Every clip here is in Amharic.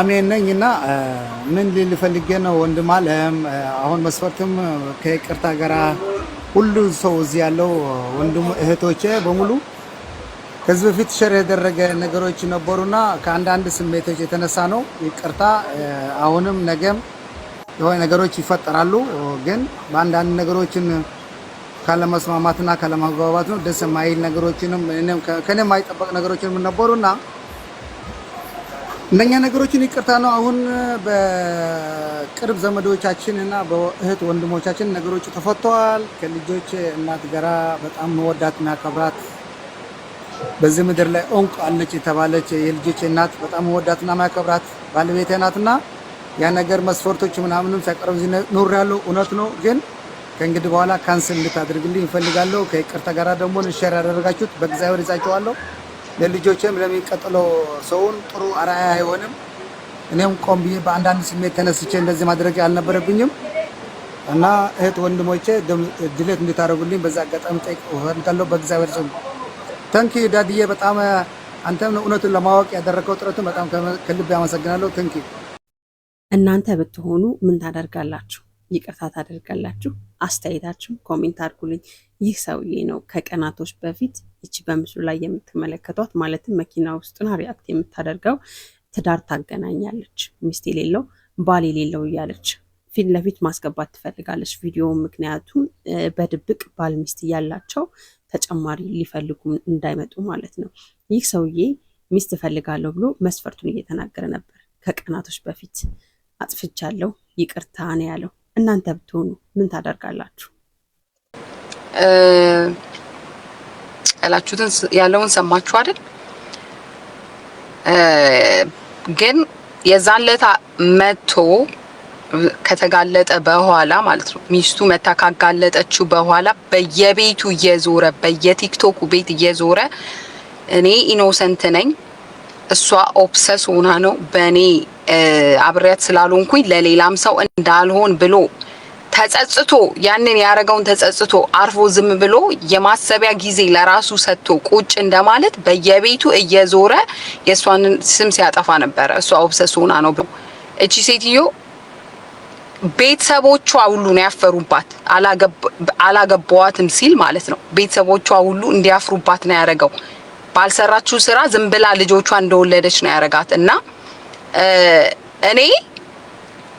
አሜን ነኝ እና ምን ልል ፈልጌ ነው ወንድም አለም አሁን መስፈርትም ከይቅርታ ጋራ ሁሉ ሰው እዚህ ያለው ወንድም እህቶቼ በሙሉ ከዚህ በፊት ሸር የደረገ ነገሮች ነበሩና ከአንዳንድ ስሜቶች የተነሳ ነው። ይቅርታ አሁንም ነገም የሆነ ነገሮች ይፈጠራሉ፣ ግን በአንዳንድ ነገሮችን ካለመስማማትና ካለመግባባት ነው ደስ የማይል ነገሮችንም ከኔ የማይጠበቅ ነገሮችንም ነበሩና እነኛ ነገሮችን ይቅርታ ነው። አሁን በቅርብ ዘመዶቻችን እና በእህት ወንድሞቻችን ነገሮች ተፈተዋል። ከልጆች እናት ጋራ በጣም መወዳት እና ከብራት በዚህ ምድር ላይ ኦንቅ አለች የተባለች የልጆች እናት በጣም መወዳት እና ማከብራት ባለቤት ናት እና ያ ነገር መስፈርቶች ምናምንም ሳይቀርብ ኖር ያለው እውነት ነው። ግን ከእንግዲህ በኋላ ካንስል እንድታደርግልኝ ይፈልጋለሁ። ከይቅርታ ጋራ ደግሞ ንሸር ያደረጋችሁት በእግዚአብሔር ይዛችኋለሁ። ለልጆችም ለሚቀጥለው ሰውን ጥሩ አርአያ አይሆንም። እኔም ቆም ብዬ በአንዳንድ ስሜት ተነስቼ እንደዚህ ማድረግ አልነበረብኝም እና እህት ወንድሞቼ ድሌት እንድታደርጉልኝ በዛ አጋጣሚ ጠይቅ ፈልጋለሁ። በእግዚአብሔር ስም ተንኪ ዳድዬ፣ በጣም አንተም እውነቱን ለማወቅ ያደረገው ጥረቱን በጣም ከልብ ያመሰግናለሁ። ተንኪ። እናንተ ብትሆኑ ምን ታደርጋላችሁ? ይቅርታ ታደርጋላችሁ? አስተያየታችሁ ኮሜንት አድርጉልኝ። ይህ ሰውዬ ነው ከቀናቶች በፊት ይቺ በምስሉ ላይ የምትመለከቷት ማለትም መኪና ውስጥ ሪያክት የምታደርገው ትዳር ታገናኛለች። ሚስት የሌለው ባል የሌለው እያለች ፊት ለፊት ማስገባት ትፈልጋለች ቪዲዮ። ምክንያቱም በድብቅ ባል ሚስት እያላቸው ተጨማሪ ሊፈልጉ እንዳይመጡ ማለት ነው። ይህ ሰውዬ ሚስት እፈልጋለሁ ብሎ መስፈርቱን እየተናገረ ነበር ከቀናቶች በፊት። አጥፍቻለሁ ይቅርታ ነው ያለው። እናንተ ብትሆኑ ምን ታደርጋላችሁ? ያላችሁትን ያለውን ሰማችሁ አይደል? ግን የዛን ለታ መቶ ከተጋለጠ በኋላ ማለት ነው ሚስቱ መታ ካጋለጠችው በኋላ በየቤቱ እየዞረ በየቲክቶኩ ቤት እየዞረ እኔ ኢኖሰንት ነኝ እሷ ኦብሰስ ሆና ነው በእኔ አብሬያት ስላልሆንኩኝ ለሌላም ሰው እንዳልሆን ብሎ ተጸጽቶ ያንን ያረገውን ተጸጽቶ አርፎ ዝም ብሎ የማሰቢያ ጊዜ ለራሱ ሰጥቶ ቁጭ እንደማለት በየቤቱ እየዞረ የእሷንን ስም ሲያጠፋ ነበረ። እሷ ኦብሰስ ሆና ነው ብሎ እቺ ሴትዮ ቤተሰቦቿ ሁሉ ነው ያፈሩባት። አላገባዋትም ሲል ማለት ነው ቤተሰቦቿ ሁሉ እንዲያፍሩባት ነው ያረገው። ባልሰራችው ስራ ዝም ብላ ልጆቿ እንደወለደች ነው ያረጋት እና እኔ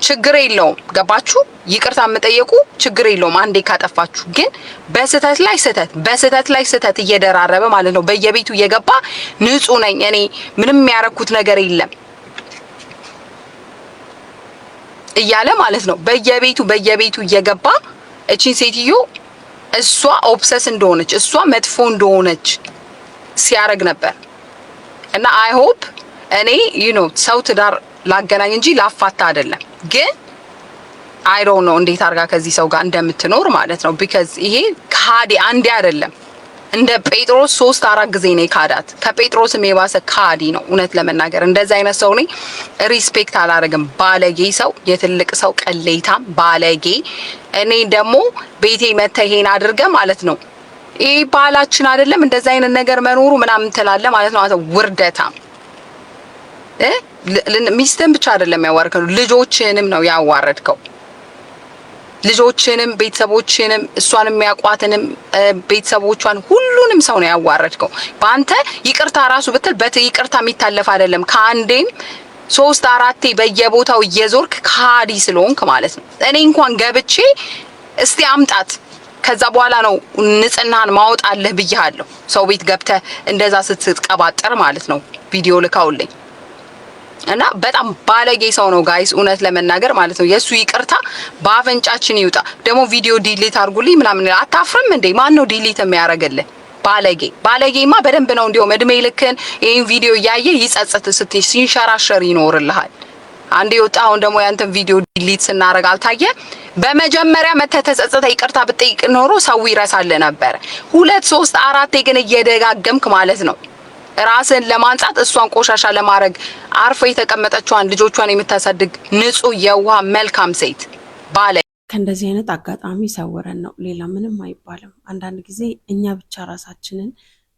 ችግር የለውም። ገባችሁ? ይቅርታ የምጠየቁ ችግር የለውም። አንዴ ካጠፋችሁ ግን በስህተት ላይ ስህተት በስህተት ላይ ስህተት እየደራረበ ማለት ነው በየቤቱ እየገባ ንጹህ ነኝ እኔ ምንም ያረኩት ነገር የለም እያለ ማለት ነው በየቤቱ በየቤቱ እየገባ እቺን ሴትዮ እሷ ኦብሰስ እንደሆነች እሷ መጥፎ እንደሆነች ሲያረግ ነበር እና አይ ሆፕ እኔ ዩ ኖ ሰው ትዳር ላገናኝ እንጂ ላፋታ አይደለም። ግን ዶንት ኖ እንዴት አድርጋ ከዚህ ሰው ጋር እንደምትኖር ማለት ነው። ቢካዝ ይሄ ካዲ አንዴ አይደለም እንደ ጴጥሮስ ሶስት አራት ጊዜ ነው ካዳት። ከጴጥሮስም የባሰ ካዲ ነው። እውነት ለመናገር እንደዚህ አይነት ሰው እኔ ሪስፔክት አላደርግም። ባለጌ ሰው፣ የትልቅ ሰው ቅሌታም ባለጌ። እኔ ደግሞ ቤቴ መተህ ይሄን አድርገ ማለት ነው ይህ ባህላችን አይደለም። እንደዚህ አይነት ነገር መኖሩ ምናምን ትላለ ማለት ነው። ውርደታም ሚስትን ብቻ አይደለም ያዋረድከው፣ ልጆችንም ነው ያዋረድከው። ልጆችንም ቤተሰቦችንም እሷንም ያቋትንም ቤተሰቦቿን ሁሉንም ሰው ነው ያዋረድከው። በአንተ ይቅርታ ራሱ ብትል በት ይቅርታ የሚታለፍ አይደለም። ከአንዴም ሶስት አራቴ በየቦታው እየዞርክ ከሃዲ ስለሆንክ ማለት ነው። እኔ እንኳን ገብቼ እስቲ አምጣት ከዛ በኋላ ነው ንጽህናን ማወጣለህ ብያለሁ። ሰው ቤት ገብተህ እንደዛ ስትቀባጠር ማለት ነው ቪዲዮ ልካውልኝ እና በጣም ባለጌ ሰው ነው ጋይስ፣ እውነት ለመናገር ማለት ነው። የእሱ ይቅርታ በአፍንጫችን ይውጣ። ደግሞ ቪዲዮ ዲሊት አድርጉልኝ ምናምን አታፍርም እንዴ? ማን ነው ዲሊት የሚያደርግልህ? ባለጌ ባለጌማ በደንብ ነው እንዲሁም እድሜ ልክን ይህን ቪዲዮ እያየ ይጸጸት ስትይ ሲንሸራሸር ይኖርልሃል። አንድ የወጣ አሁን ደግሞ ያንተን ቪዲዮ ዲሊት ስናደርግ አልታየ። በመጀመሪያ መተተጸጸተ ይቅርታ ብጠይቅ ኖሮ ሰው ይረሳል ነበር። ሁለት ሶስት አራቴ ግን እየደጋገምክ ማለት ነው ራስን ለማንጻት እሷን ቆሻሻ ለማድረግ አርፎ የተቀመጠችዋን ልጆቿን የምታሳድግ ንጹህ የውሃ መልካም ሴት ባለ ከእንደዚህ አይነት አጋጣሚ ሰውረን ነው። ሌላ ምንም አይባልም። አንዳንድ ጊዜ እኛ ብቻ ራሳችንን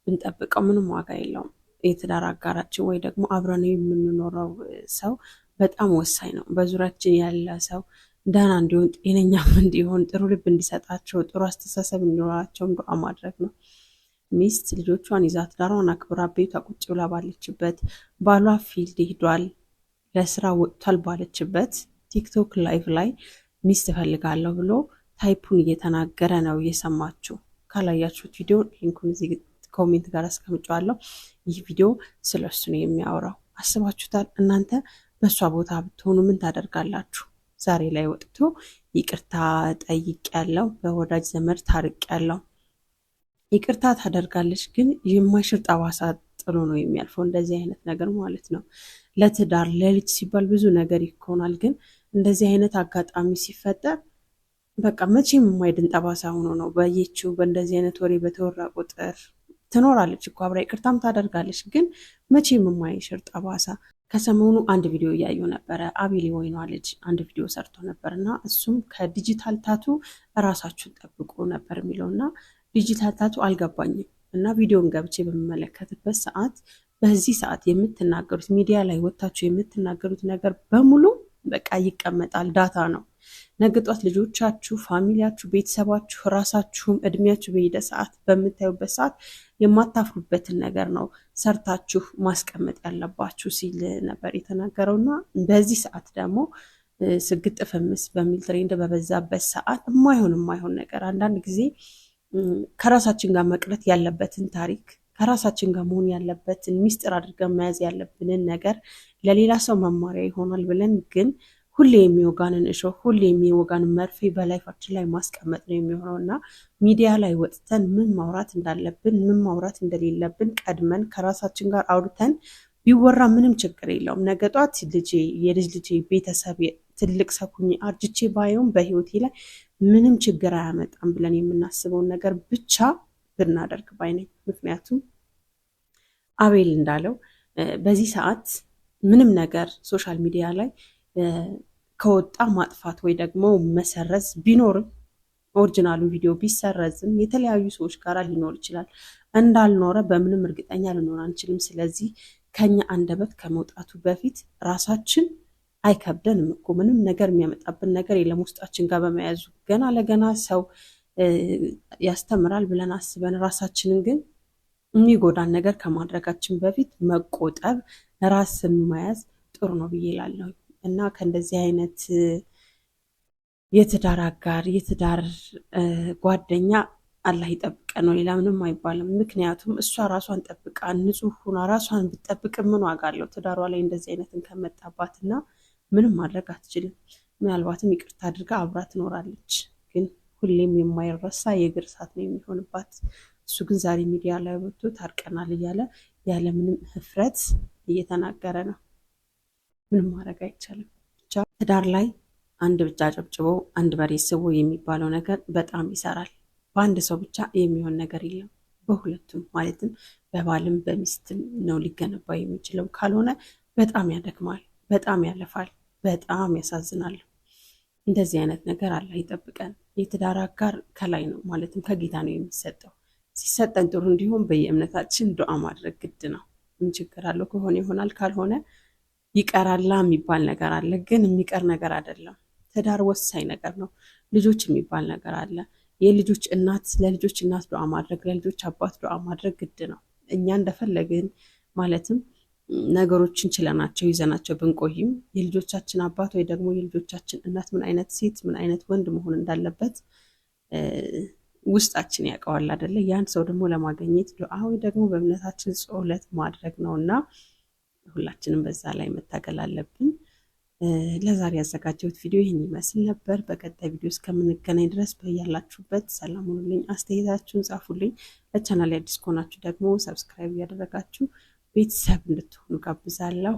ብንጠብቀው ምንም ዋጋ የለውም። የትዳር አጋራችን ወይ ደግሞ አብረን የምንኖረው ሰው በጣም ወሳኝ ነው። በዙሪያችን ያለ ሰው ደህና እንዲሆን ጤነኛም እንዲሆን ጥሩ ልብ እንዲሰጣቸው ጥሩ አስተሳሰብ እንዲኖራቸውም ዱዓ ማድረግ ነው። ሚስት ልጆቿን ይዛ ትዳሯን አክብራ ቤቷ ቁጭ ብላ ባለችበት ባሏ ፊልድ ሂዷል፣ ለስራ ወጥቷል ባለችበት ቲክቶክ ላይቭ ላይ ሚስት እፈልጋለሁ ብሎ ታይፑን እየተናገረ ነው እየሰማችሁ ካላያችሁት ቪዲዮ ሊንኩን እዚህ ኮሜንት ጋር አስቀምጫዋለሁ። ይህ ቪዲዮ ስለ እሱ ነው የሚያወራው። አስባችሁታል? እናንተ በእሷ ቦታ ብትሆኑ ምን ታደርጋላችሁ? ዛሬ ላይ ወጥቶ ይቅርታ ጠይቅ ያለው በወዳጅ ዘመድ ታርቅ ያለው ይቅርታ ታደርጋለች፣ ግን የማይሽር ጠባሳ ጥሎ ነው የሚያልፈው። እንደዚህ አይነት ነገር ማለት ነው። ለትዳር ለልጅ ሲባል ብዙ ነገር ይሆናል፣ ግን እንደዚህ አይነት አጋጣሚ ሲፈጠር በቃ መቼም የማይድን ጠባሳ ሆኖ ነው በየችው በእንደዚህ አይነት ወሬ በተወራ ቁጥር ትኖራለች እኮ አብራ ይቅርታም ታደርጋለች፣ ግን መቼም የማይሽር ጠባሳ። ከሰሞኑ አንድ ቪዲዮ እያየሁ ነበረ። አቤል ወይኗ ልጅ አንድ ቪዲዮ ሰርቶ ነበር እና እሱም ከዲጂታል ታቱ እራሳችሁን ጠብቁ ነበር የሚለው እና ታቱ አልገባኝም እና ቪዲዮን ገብቼ በምመለከትበት ሰዓት በዚህ ሰዓት የምትናገሩት ሚዲያ ላይ ወጥታችሁ የምትናገሩት ነገር በሙሉ በቃ ይቀመጣል፣ ዳታ ነው። ነግጧት ልጆቻችሁ፣ ፋሚሊያችሁ፣ ቤተሰባችሁ፣ ራሳችሁም እድሜያችሁ በሄደ ሰዓት በምታዩበት ሰዓት የማታፍሩበትን ነገር ነው ሰርታችሁ ማስቀመጥ ያለባችሁ ሲል ነበር የተናገረው እና በዚህ ሰዓት ደግሞ ስግጥፍምስ በሚል ትሬንድ በበዛበት ሰዓት የማይሆን የማይሆን ነገር አንዳንድ ጊዜ ከራሳችን ጋር መቅረት ያለበትን ታሪክ ከራሳችን ጋር መሆን ያለበትን ሚስጥር አድርገን መያዝ ያለብንን ነገር ለሌላ ሰው መማሪያ ይሆናል ብለን ግን ሁሌ የሚወጋንን እሾህ ሁሌ የሚወጋንን መርፌ በላይፋችን ላይ ማስቀመጥ ነው የሚሆነው እና ሚዲያ ላይ ወጥተን ምን ማውራት እንዳለብን ምን ማውራት እንደሌለብን ቀድመን ከራሳችን ጋር አውርተን ቢወራ ምንም ችግር የለውም። ነገ ጧት ልጄ፣ የልጅ ልጄ፣ ቤተሰብ ትልቅ ሰኩኝ አርጅቼ ባየውም በህይወቴ ላይ ምንም ችግር አያመጣም ብለን የምናስበውን ነገር ብቻ ብናደርግ ባይነኝ። ምክንያቱም አቤል እንዳለው በዚህ ሰዓት ምንም ነገር ሶሻል ሚዲያ ላይ ከወጣ ማጥፋት ወይ ደግሞ መሰረዝ ቢኖርም ኦሪጂናሉ ቪዲዮ ቢሰረዝም የተለያዩ ሰዎች ጋር ሊኖር ይችላል። እንዳልኖረ በምንም እርግጠኛ ልኖር አንችልም። ስለዚህ ከኛ አንደበት ከመውጣቱ በፊት ራሳችን አይከብደንም እኮ ምንም ነገር የሚያመጣብን ነገር የለም። ውስጣችን ጋር በመያዙ ገና ለገና ሰው ያስተምራል ብለን አስበን ራሳችንን ግን የሚጎዳን ነገር ከማድረጋችን በፊት መቆጠብ፣ ራስን መያዝ ጥሩ ነው ብዬ እላለሁ እና ከእንደዚህ አይነት የትዳር አጋር የትዳር ጓደኛ አላህ ይጠብቀ ነው። ሌላ ምንም አይባልም። ምክንያቱም እሷ ራሷን ጠብቃ ንጹሕ ሆና ራሷን ብጠብቅ ምን ዋጋ አለው ትዳሯ ላይ እንደዚህ አይነትን ከመጣባት እና ምንም ማድረግ አትችልም። ምናልባትም ይቅርታ አድርጋ አብራ ትኖራለች፣ ግን ሁሌም የማይረሳ የእግር እሳት ነው የሚሆንባት። እሱ ግን ዛሬ ሚዲያ ላይ ወጥቶ ታርቀናል እያለ ያለምንም ህፍረት እየተናገረ ነው። ምንም ማድረግ አይቻልም። ብቻ ትዳር ላይ አንድ ብቻ ጨብጭቦ አንድ በሬ ስቦ የሚባለው ነገር በጣም ይሰራል። በአንድ ሰው ብቻ የሚሆን ነገር የለም። በሁለቱም ማለትም በባልም በሚስትም ነው ሊገነባ የሚችለው። ካልሆነ በጣም ያደክማል፣ በጣም ያለፋል። በጣም ያሳዝናል። እንደዚህ አይነት ነገር አላህ ይጠብቀን። የትዳር አጋር ከላይ ነው ማለትም ከጌታ ነው የሚሰጠው። ሲሰጠን ጥሩ እንዲሆን በየእምነታችን ዱዓ ማድረግ ግድ ነው። ምን ችግር አለው? ከሆነ ይሆናል፣ ካልሆነ ይቀራላ የሚባል ነገር አለ። ግን የሚቀር ነገር አይደለም። ትዳር ወሳኝ ነገር ነው። ልጆች የሚባል ነገር አለ። የልጆች እናት ለልጆች እናት ዱዓ ማድረግ፣ ለልጆች አባት ዱዓ ማድረግ ግድ ነው። እኛ እንደፈለግን ማለትም ነገሮችን ችለናቸው ይዘናቸው ብንቆይም የልጆቻችን አባት ወይ ደግሞ የልጆቻችን እናት ምን አይነት ሴት ምን አይነት ወንድ መሆን እንዳለበት ውስጣችን ያውቀዋል አደለ? ያን ሰው ደግሞ ለማገኘት ዱዓ ወይ ደግሞ በእምነታችን ጸሎት ማድረግ ነው እና ሁላችንም በዛ ላይ መታገል አለብን። ለዛሬ ያዘጋጀሁት ቪዲዮ ይህን ይመስል ነበር። በቀጣይ ቪዲዮ እስከምንገናኝ ድረስ በያላችሁበት ሰላም ሁኑልኝ። አስተያየታችሁን ጻፉልኝ። ለቻናል አዲስ ከሆናችሁ ደግሞ ሰብስክራይብ እያደረጋችሁ ቤተሰብ እንድትሆኑ ጋብዛለሁ።